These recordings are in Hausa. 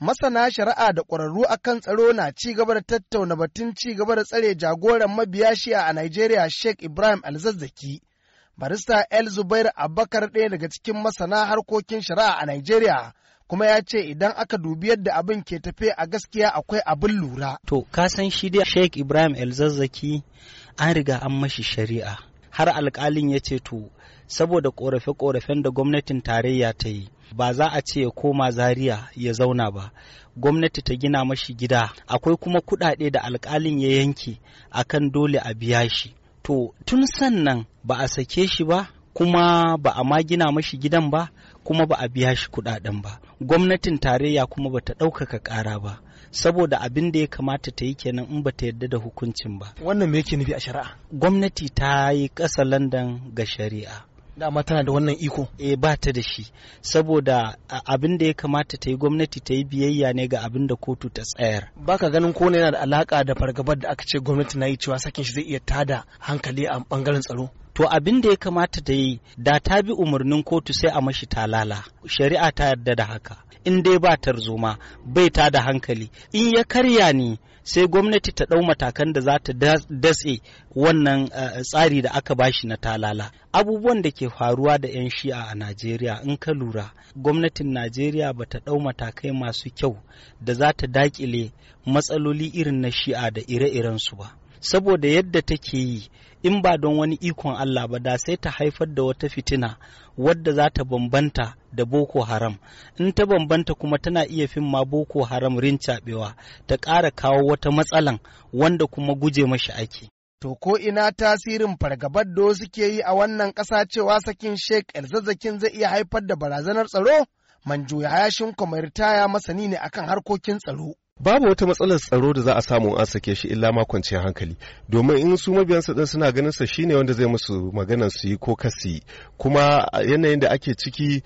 masana shari'a da ƙwararru akan tsaro na ci gaba da tattauna batun ci gaba da tsare jagoran mabiya shi'a a Najeriya Sheikh Ibrahim Alzazzaki. Barista El Zubair Abubakar ɗaya daga cikin masana harkokin shari'a a Najeriya kuma ya ce idan aka dubi yadda abin ke tafe a gaskiya akwai abin lura. To, ka san shi dai Sheikh Ibrahim El Zazzaki an riga an mashi shari'a. har alkalin ya ce to saboda korafe-korafen da gwamnatin tarayya ta yi ba za a ce ya koma zaria ya zauna ba gwamnati ta gina mashi gida akwai kuma kuɗaɗe da alkalin ya yanke akan dole a biya shi to tun sannan ba a sake shi ba kuma ba a ma gina mashi gidan ba kuma ba a biya shi kudaden ba gwamnatin tarayya kuma ba ta ɗaukaka ƙara ba saboda abin da ya kamata ta yi kenan in ba ta yarda da hukuncin ba wannan me yake nufi a shari'a gwamnati ta yi ƙasa landan ga shari'a dama tana da wannan iko eh ba ta da shi saboda abin da ya kamata ta yi gwamnati ta yi biyayya ne ga abin da kotu ta tsayar baka ganin ko yana da alaka da fargabar da aka ce gwamnati na yi cewa sakin shi zai iya tada hankali a bangaren tsaro to abin da ya kamata ta yi da ta bi umarnin kotu sai a mashi talala shari'a ta yarda da haka in dai ba tarzoma bai ta da hankali in ya karya ni sai gwamnati ta ɗau matakan da za ta datse wannan eh, tsari da aka bashi na talala abubuwan da ke faruwa da 'yan shi'a a najeriya in ka lura gwamnatin najeriya ba ta ɗau matakai masu kyau da za ta daƙile matsaloli irin na shi'a da ire-irensu ba saboda yadda take yi in ba don wani ikon Allah ba da sai ta haifar da wata fitina wadda za ta bambanta da boko haram in ta bambanta kuma tana iya fin ma boko haram rincaɓewa ta ƙara kawo wata matsalan wanda kuma guje mashi ake To ko ina tasirin fargabar da suke yi a wannan ƙasa cewa sakin Sheikh zazzakin zai iya haifar da barazanar tsaro? Manjo ya yashin ritaya masani ne akan harkokin tsaro. babu wata matsalar tsaro da za a samu an sake shi illa ma kwanciyar hankali domin in su mabiyansa din suna ganin sa shine wanda zai musu maganar su yi ko kasi kuma yanayin da ake ciki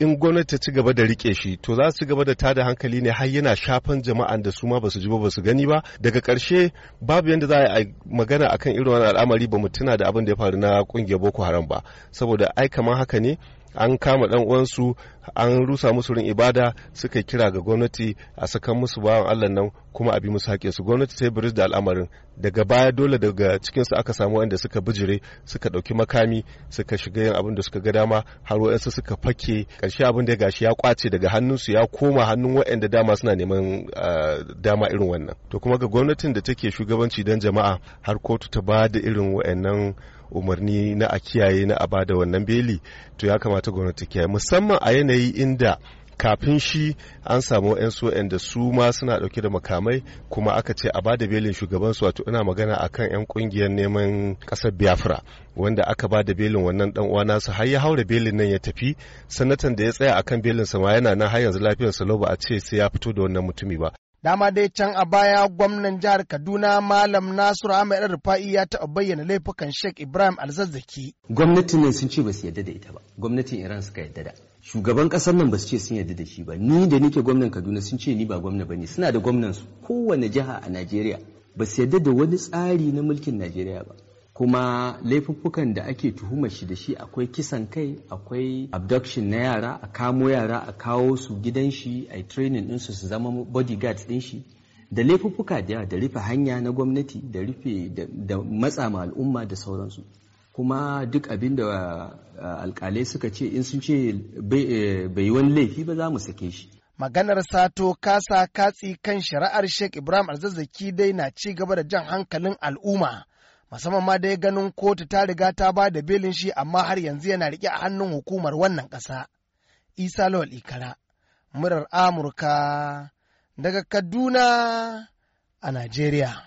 in gwamnati ta ci gaba da rike shi to za su ci gaba da tada hankali ne har yana shafan jama'an da su ma basu ji ba basu gani ba daga karshe babu yadda za a magana akan irin wani al'amari ba mu tuna da abin da ya faru na kungiyar boko haram ba saboda ai kamar haka ne an kama dan uwansu an rusa musu rin ibada suka kira ga gwamnati a sakan musu bawan Allah nan kuma a bi musu haƙe su gwamnati sai biris da al'amarin daga baya dole daga cikinsu aka samu wanda suka bijire suka ɗauki makami suka shiga yin abin da suka ga dama har wa'yansu suka fake ƙarshe abin da gashi ya kwace daga hannunsu ya koma hannun wa'yanda dama suna neman ah, dama irin wannan to kuma ga gwamnatin da take shugabanci don jama'a har kotu ta ba da irin wa'annan umarni na a kiyaye na a da wannan beli to ya kamata gwamnati kiyaye musamman a yanayi inda kafin shi an samu 'yan so'yan da su ma suna dauke da makamai kuma aka ce a bada belin shugaban su wato ina magana akan 'yan kungiyar neman kasar biafra wanda aka bada belin wannan dan uwa nasu har ya haura belin nan ya tafi sanatan da ya tsaya akan belin sa ma yana nan har yanzu lafiyar sa lobo a ce sai ya fito da wannan mutumi ba dama dai can a baya gwamnan jihar kaduna malam nasiru ahmed rufa'i ya taɓa bayyana laifukan sheikh ibrahim alzazzaki gwamnatin ne sun ce ba su yadda da ita ba gwamnatin iran suka yadda da shugaban kasar nan ba su ce sun yarda da shi ba ni da nike gwamnan kaduna sun ce ni ba gwamna ba ne suna da gwamnan su kowane jiha a najeriya ba su yarda da wani tsari na mulkin najeriya ba kuma laifuffukan da ake tuhumar shi da shi akwai kisan kai akwai abduction na yara a kamo yara a kawo su gidan shi a training ɗinsu su zama bodyguards ɗin shi da laifuffuka da da rufe hanya na gwamnati da rufe da matsa al'umma da sauransu kuma duk abin da eh, alkalai suka ce in sun ce bai eh, wani laifi ba za mu sake shi maganar sato kasa katsi kan shari'ar sheikh ibrahim alzazzaki dai na ci gaba da jan hankalin al'umma musamman ma dai ganin kotu ta riga ta ba da belin shi amma har yanzu yana riƙe a hannun hukumar wannan ƙasa isa lawal ikara murar amurka daga kaduna a najeriya